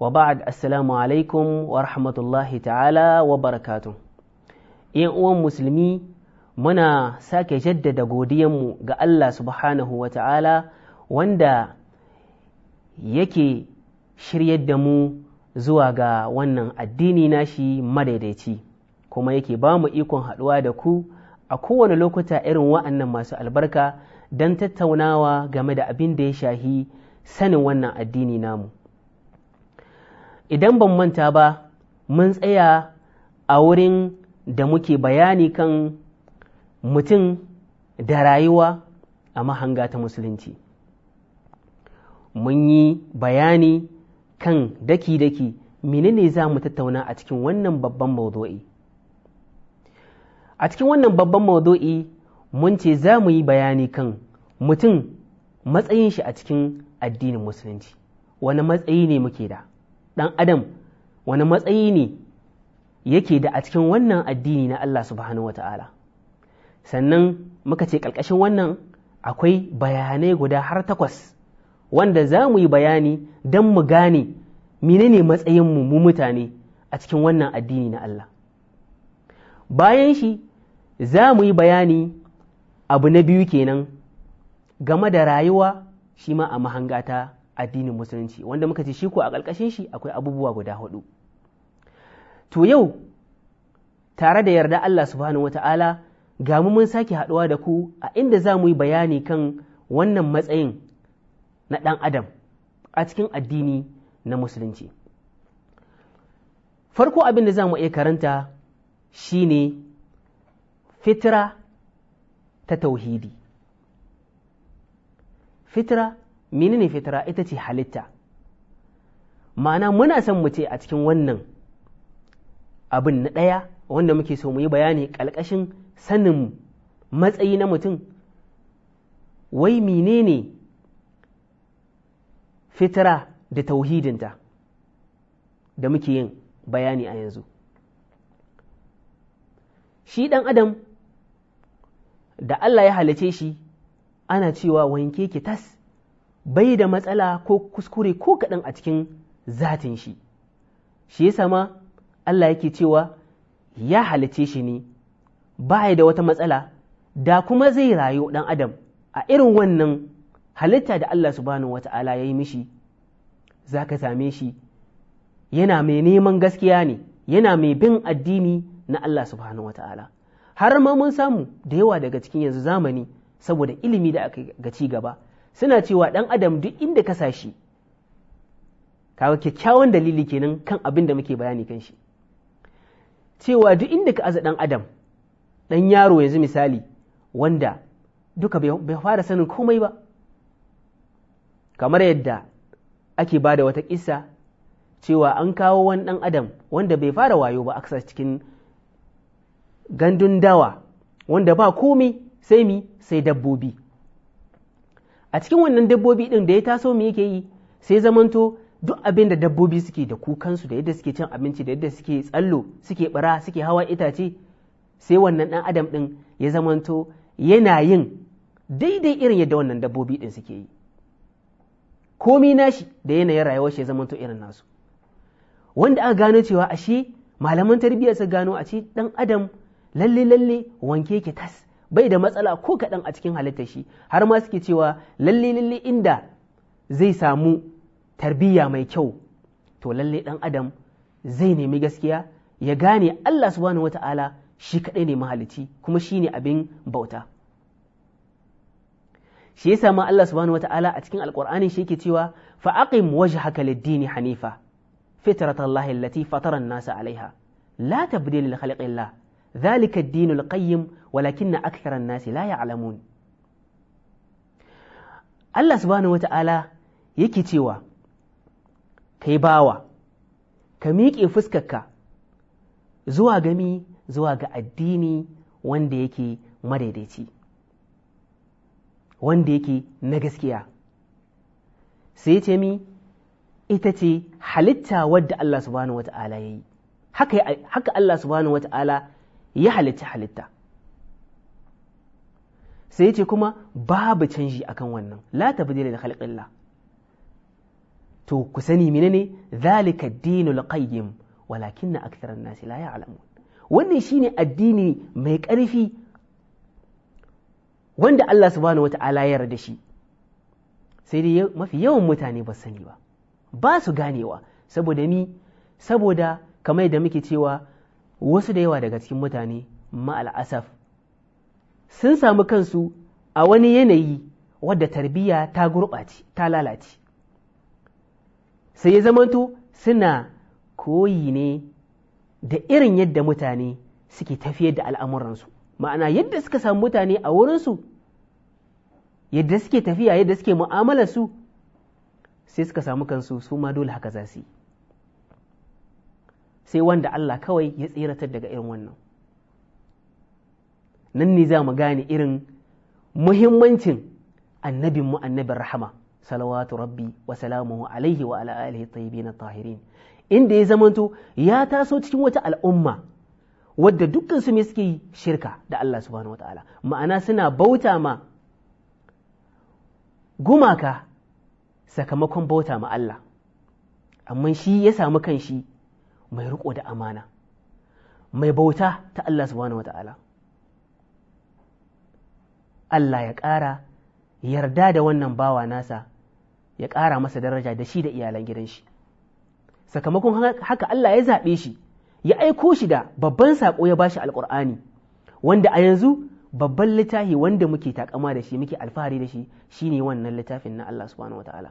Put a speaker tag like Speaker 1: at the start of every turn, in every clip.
Speaker 1: wa ba'ad assalamu alaikum wa rahmatullahi ta'ala wa barakatun yan uwan musulmi muna sake jaddada godiyanmu ga Allah subhanahu wa ta'ala wanda yake shiryar da mu zuwa ga wannan addini nashi madaidaici kuma yake ba mu ikon haɗuwa da ku a kowane lokuta irin wa'annan masu albarka don tattaunawa game da abin da ya shahi sanin wannan addini namu idan ban manta ba mun tsaya a wurin da muke bayani kan mutum da rayuwa a mahanga ta musulunci mun yi bayani kan daki-daki menene za mu tattauna a cikin wannan babban maudu'i a cikin wannan babban maudu'i mun ce za mu yi bayani kan mutum matsayin shi a cikin addinin musulunci wani matsayi ne muke da ɗan adam wani matsayi ne yake da a cikin wannan addini na Allah subhanahu wata'ala sannan muka ce ƙarƙashin wannan akwai bayanai guda har takwas wanda za mu yi bayani don mu gane menene matsayinmu mu mutane a cikin wannan addini na Allah bayan shi za mu yi bayani abu na biyu kenan game da rayuwa shi ma a mahangata addinin musulunci wanda muka ce shi ko a ƙarƙashin shi akwai abubuwa guda hudu to yau tare da yarda Allah subhanahu wata'ala ga mu mun sake haɗuwa da ku a inda za mu yi bayani kan wannan matsayin na ɗan adam a cikin addini na musulunci farko abin da za mu iya karanta shine fitira ta tauhidi fitira menene fitara ita ce halitta ma'ana muna son mu ce a cikin wannan abin na ɗaya wanda muke so mu yi bayani ƙalƙashin sanin matsayi na mutum wai menene fitara da tauhidinta da muke yin bayani a yanzu shi ɗan adam da Allah ya halice shi ana cewa wanke ki tas bai da matsala ko kuskure ko kaɗan a cikin zatin shi shi ya sama Allah yake cewa ya halice shi ne ba da wata matsala da kuma zai rayu ɗan adam a irin wannan halitta da Allah subhanahu wata'ala ya yi mishi za ka same shi yana mai neman gaskiya ne yana mai bin addini na Allah subhanahu wata'ala har ma mun samu da yawa daga cikin yanzu zamani saboda ilimi da aka ga ci gaba suna cewa ɗan adam duk inda ka shi kawo kyakkyawan dalili kenan kan abin da muke bayani kan shi cewa duk inda ka aza ɗan adam ɗan yaro yanzu misali wanda duka bai fara sanin komai ba kamar yadda ake ba da wata ƙisa cewa an kawo wani ɗan adam wanda bai fara wayo ba aka cikin gandun dawa wanda ba komi sai mi sai dabbobi a cikin wannan dabbobi ɗin da ya taso mu yake yi sai zamanto duk abin da dabbobi suke da kukansu da yadda suke cin abinci da yadda suke tsallo suke bara suke hawa itace sai wannan ɗan adam ɗin ya zamanto yana yin daidai irin yadda wannan dabbobi ɗin suke yi komi nashi da yanayin rayuwar shi ya zamanto irin nasu wanda aka gano cewa ashe malaman tarbiyya su gano a ce ɗan adam lalle lalle wanke ke tas bai da matsala ko kaɗan a cikin halittar shi har ma suke cewa lalle lalle inda zai samu tarbiyya mai kyau to lalle ɗan adam zai nemi gaskiya ya gane Allah subhanahu wata'ala shi kaɗai ne mahalici kuma shi ne abin bauta shi yasa ma Allah subhanahu wata'ala a cikin alƙur'ani shi yake cewa fa mu wajhaka lid-dini hanifa fitratallahi allati fatara an-nasa 'alayha la tabdila li khalqillah ذلك الدين القيم ولكن أكثر الناس لا يعلمون Allah subhanahu wa ta'ala yake cewa, Ka bawa, ka miƙe fuskarka zuwa gami zuwa ga addini wanda yake madaidaici, wanda yake na gaskiya. Sai ce mi, ita ce halitta wadda Allah subhanahu wa ta'ala ya yi, haka Allah subhanahu wa ta'ala ya halicci halitta sai ce kuma babu canji akan wannan la tabdila li khalqillah to ku sani ne zalika dinul qayyim walakin aktharan nasi la ya'lamun wannan shine addini mai ƙarfi wanda Allah subhanahu wata'ala ya yarda shi sai dai mafi yawan mutane ba sani ba ba su ganewa saboda ni saboda kamar da muke cewa wasu da yawa daga cikin mutane ma'al'asaf sun samu kansu a wani yanayi wadda tarbiyya ta gurɓaci ta lalace sai ya zamanto suna koyi ne da irin yadda mutane suke tafiyar da al'amuransu ma'ana yadda suka samu mutane a wurinsu yadda suke tafiya yadda suke mu'amalarsu sai suka samu kansu su ma dole haka za su yi sai wanda Allah kawai ya tsiratar daga irin wannan nan ne za mu gane irin muhimmancin annabinmu annabin rahama salawatu rabbi wa salamuhu alaihi wa ala alihi tayyibin tahirin inda ya zamanto ya taso cikin wata al'umma wadda dukkan su suke shirka da Allah subhanahu wataala ma'ana suna bauta ma gumaka sakamakon bauta ma Allah amma shi ya samu kanshi mai riko da amana mai bauta ta Allah subhanahu wata'ala Allah ya ƙara yarda da wannan bawa nasa ya ƙara masa daraja da shi da iyalan gidan shi sakamakon haka Allah ya zaɓe shi ya aiko shi da babban saƙo ya bashi alƙur'ani wanda a yanzu babban littafi wanda muke takama da shi muke alfahari da shi shine wannan littafin na Allah subhanahu wataala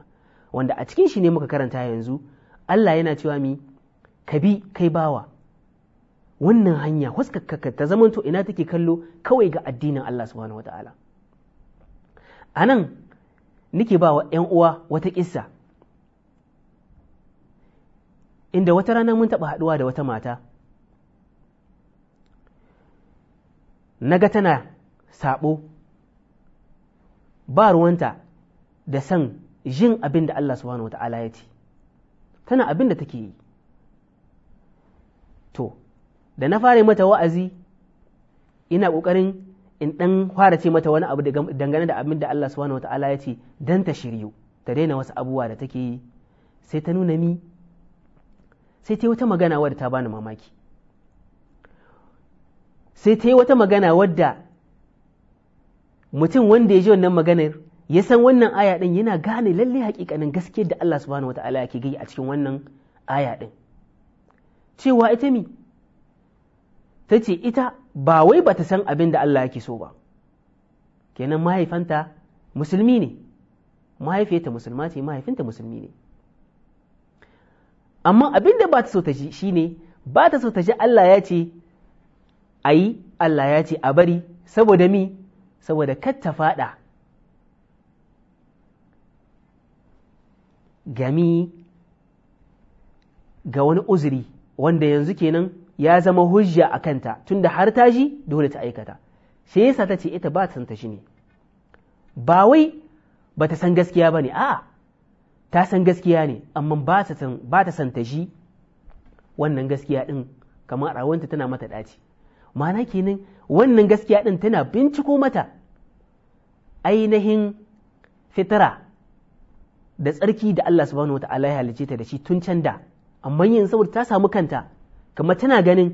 Speaker 1: wanda a cikin shi ne muka karanta yanzu Allah yana cewa mi ka bi kai bawa wannan hanya huskakka ta zamanto ina take kallo kawai ga addinin Allah subhanahu wata'ala a nan nike ba wa ‘yan uwa wata ƙisa inda wata rana mun taɓa haɗuwa da wata mata na ga tana saɓo ba ruwanta da san jin abin da Allah subhanahu wata'ala ya ce tana abin da take yi da na fara mata wa'azi ina ƙoƙarin in ɗan fara ce mata wani abu dangane da abin da Allah subhanahu wata'ala ya ce dan ta shiryu ta daina wasu abubuwa da take yi sai ta nuna mi sai ta yi wata magana wadda ta bani mamaki sai ta yi wata magana wadda mutum wanda ya ji wannan maganar ya san wannan aya ɗin yana gane lalle hakikanin gaske da Allah subhanahu wata'ala yake gai a cikin wannan aya ɗin cewa ita mi ta ce ita ba wai ba ta san abin da Allah yake so ba kenan mahaifanta musulmi ne mahaifiyarta musulma ce mahaifinta musulmi ne amma abin da ba ta so ta ji shi ne ba ta so ta ji Allah ya ce a yi Allah ya ce a bari saboda mi saboda kar ta faɗa gami ga wani uzuri wanda yanzu kenan ya zama hujja a kanta tunda har ta ji dole ta aikata shi yasa ta ce ita ba ta san ta shi ne ba wai ba ta san gaskiya ba ne A, ta san gaskiya ne amma ba ta san shi wannan gaskiya din. kamar rawanta tana mata ɗaci ma'ana kenan wannan gaskiya din tana binciko mata ainihin fitara da tsarki da Allah subhanahu wa ta'ala ya halicce ta da shi tun can da amma yin saboda ta samu kanta kamar tana ganin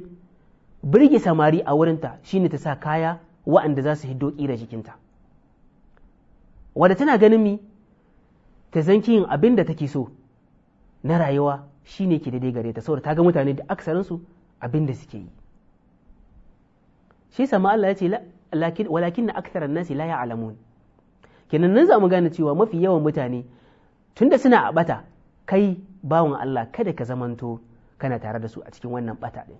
Speaker 1: birge samari a wurinta shine ta sa kaya wa'anda za su hiddo ƙira jikinta wadda tana ganin mi ta zanki yin abin da take so na rayuwa shine ke daidai gare ta saboda ta ga mutane da aksarinsu abin da suke yi shi sama Allah ya ce walakin na aksarar nasi la ya'lamun kenan nan za mu gane cewa mafi yawan mutane tunda suna a bata kai bawan Allah kada ka zamanto kana tare da su a cikin wannan bata ɗin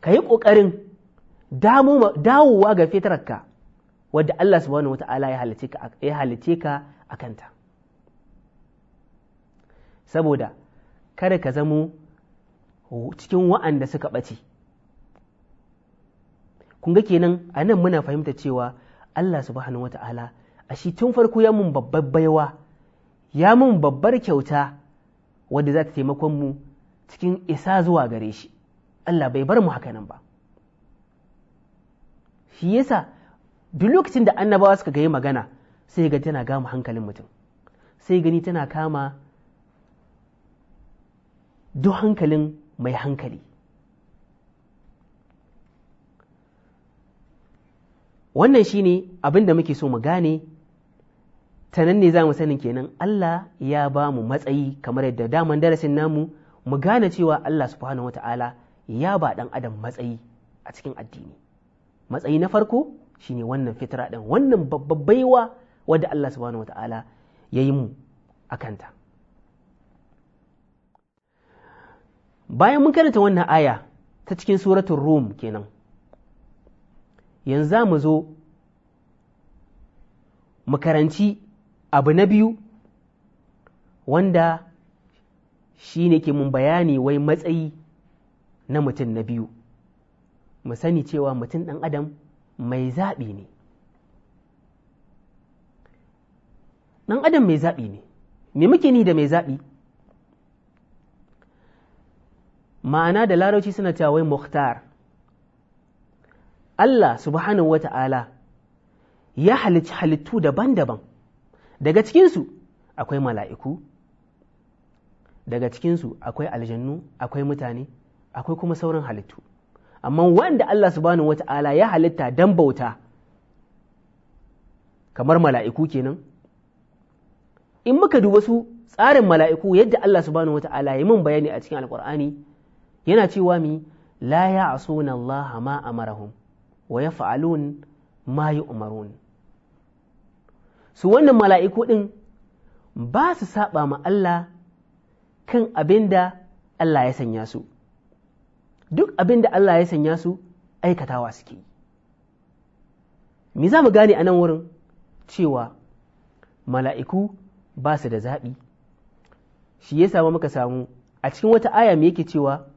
Speaker 1: ka yi ƙoƙarin dawowa ga fitararka wadda Allah subhanahu wata'ala ya halice ka a kanta saboda kada ka zamo cikin wa'anda suka ɓace kun ga kenan a nan muna fahimta cewa Allah subhanahu wata'ala a shi tun farko ya mun babbar baiwa ya mun babbar kyauta wadda za ta taimakon mu cikin isa zuwa gare shi Allah bai bar mu haka nan ba shi yasa duk lokacin da annabawa suka ga yi magana sai ga tana gama hankalin mutum sai gani tana kama duk hankalin mai hankali wannan shine abin da muke so mu gane ta nan ne za mu sanin kenan Allah ya ba mu matsayi kamar yadda daman darasin namu mu gane cewa Allah subhanahu ta'ala ya ba dan adam matsayi a cikin addini matsayi na farko shine wannan fitra din wannan babbar baiwa wadda Allah subhanahu ta'ala ya yi mu a kanta bayan mun karanta wannan aya ta cikin suratun rum kenan yanzu za mu zo mu karanci abu na biyu wanda shi ne ke mun bayani wai matsayi na mutum na biyu mu sani cewa mutum ɗan adam mai zaɓi ne ɗan adam mai zaɓi ne me muke ni da mai zaɓi ma'ana da larauci suna cewa wai muhtar Allah subhanahu wa ya halicci halittu daban-daban daga cikinsu akwai mala'iku daga cikinsu akwai aljannu akwai mutane akwai kuma sauran halittu amma wanda Allah subhanahu wata'ala ya halitta dan bauta kamar mala'iku kenan in muka duba su tsarin mala'iku yadda Allah subhanahu wata'ala ya mun bayani a cikin Alƙur'ani yana cewa mi la ya'suna Allah ma amarahum wa yaf'alun ma yu'marun su wannan mala'iku din ba su saba ma Allah kan abin da Allah ya sanya su duk abin da Allah ya sanya su aikatawa suke me za mu gane a nan wurin cewa mala'iku ba su da zaɓi shi ya samu muka samu a cikin wata aya me yake cewa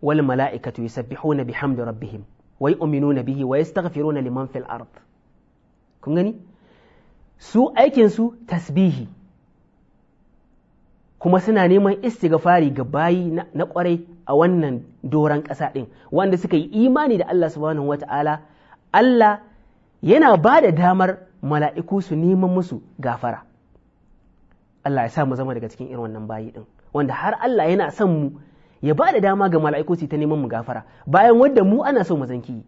Speaker 1: wal mala'ikatu yusabbihuna bihamdi rabbihim wa na bihi wa na liman fil kun gani su aikinsu su tasbihi kuma suna neman istighfari ga bayi na kwarai a wannan doron ƙasa ɗin wanda suka yi imani da Allah subhanahu wata'ala Allah yana ba da damar mala'iku su neman musu gafara Allah ya sa mu zama daga cikin irin wannan bayi ɗin wanda har Allah yana son mu ya ba da dama ga mala'iku su ta neman mu gafara bayan wanda mu ana so mu zanki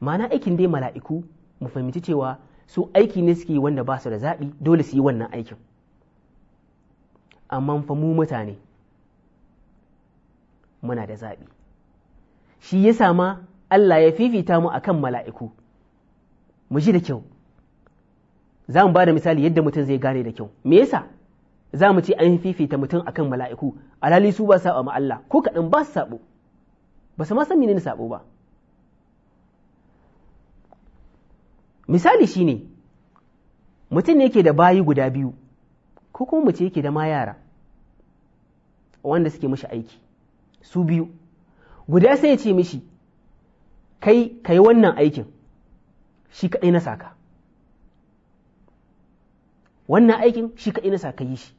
Speaker 1: ma'ana aikin dai mala'iku mu fahimci cewa su aiki ne suke wanda ba su da zaɓi dole su yi wannan aikin amma fa mu mutane muna da zaɓi shi ya ma Allah ya fifita mu akan mala'iku mu ji da kyau za mu ba da misali yadda mutum zai gane da kyau me yasa za mu ce an fifita mutum akan mala'iku alhali su ba saba ma Allah ko kaɗan ba su sabo ba su ma san menene sabo ba misali shine mutum ne yake da bayi guda biyu ko kuma ce yake da ma yara wanda suke mishi aiki su biyu guda sai ya ce mishi kai ka yi wannan aikin shi kaɗai na saka wannan aikin shi kaɗai na saka yi shi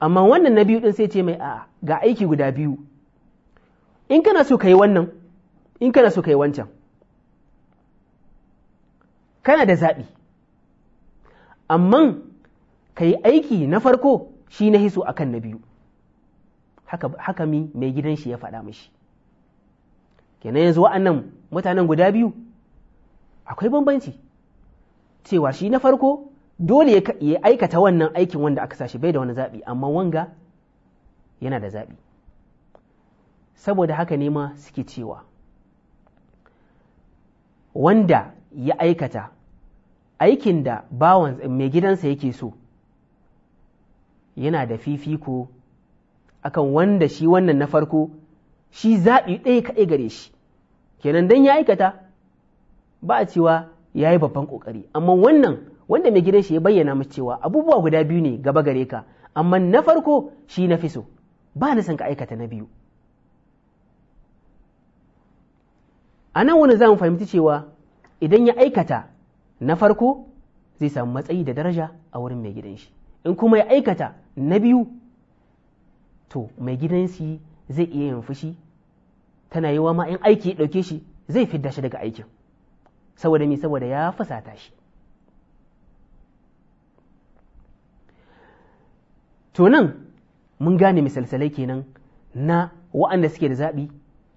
Speaker 1: amma wannan na biyu ɗin sai ce mai a ga aiki guda biyu in kana so ka yi wannan in kana so ka yi wancan kana da zaɓi amman ka yi aiki na farko shi na hiso akan na biyu haka mi mai gidan shi ya faɗa mishi kenan yanzu wa'annan mutanen guda biyu akwai bambanci cewa shi na farko dole ya aikata wannan aikin wanda aka sashi bai da wani zaɓi amma wanga yana da zaɓi saboda haka ne ma suke cewa wanda ya aikata aikin da bawan mai gidansa yake so yana da fifiko akan wanda shi wannan na farko shi zaɓi ɗaya kaɗai gare shi kenan dan ya aikata ba a cewa ya yi babban ƙoƙari amma wannan wanda mai gidan shi ya bayyana mu cewa abubuwa guda biyu ne gaba gare ka amma na farko shi na fi so ba na son ka aikata na biyu a nan wani za mu fahimci cewa idan ya aikata na farko zai samu matsayi da daraja a wurin mai gidan shi in kuma ya aikata na biyu to mai gidansi zai iya yin fushi tana yi wa ma in aiki ya ɗauke shi zai fidda shi daga aikin saboda mi saboda ya ta shi to nan mun gane misalsalai kenan na wa'anda suke da zaɓi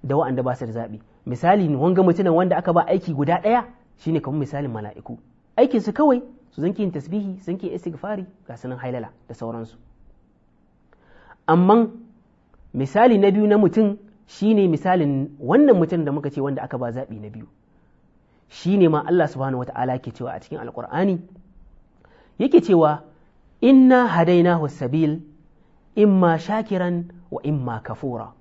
Speaker 1: da wa'anda ba su da zaɓi misali wanga mutumin wanda aka ba aiki guda ɗaya shine kamar misalin mala'iku aikinsu kawai su zanki yin tasbihi zanki istighfari ga sunan hailala da sauransu amma misali na biyu na mutum shine misalin wannan mutum da muka ce wanda aka ba zaɓi na biyu shine ma Allah subhanahu wata'ala ke cewa a cikin alkur'ani yake cewa inna hadaina sabil imma shakiran wa imma kafura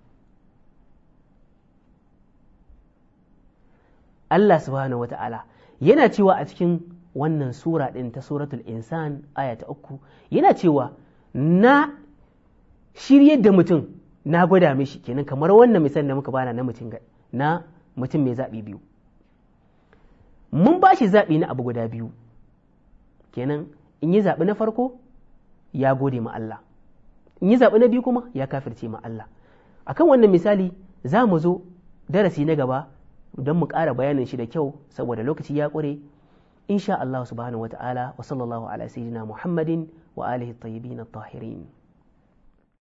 Speaker 1: Allah subhanahu wata'ala yana cewa a cikin wannan sura ɗin ta suratul insan aya ta uku yana cewa na shiryar da mutum na gwada mishi kenan kamar wannan misali da muka bana na mutum na mutum mai zaɓi biyu mun ba shi zaɓi na abu guda biyu kenan in yi zaɓi na farko ya gode ma Allah in yi zaɓi na biyu kuma ya kafirce ma Allah akan wannan misali za mu zo darasi na gaba don mu ƙara bayanin shi da kyau saboda lokaci ya ƙure insha Allah subhanahu wa ta'ala wa sallallahu ala sayyidina Muhammadin wa alihi tayyibin at-tahirin